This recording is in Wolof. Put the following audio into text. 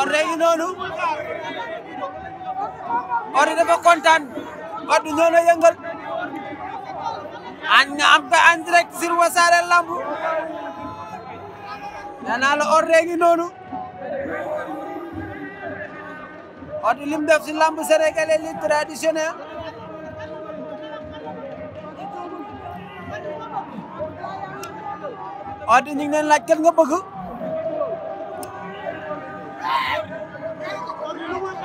Ordo yi noonu Ordo dafa kontaan Ordo ñoo na yëngal an am ta en direct naa la Ordo ngi noonu Ordo lim def si lamb sénégalais li traditionnel Ordo ñu ngi leen laaj kan nga bëgg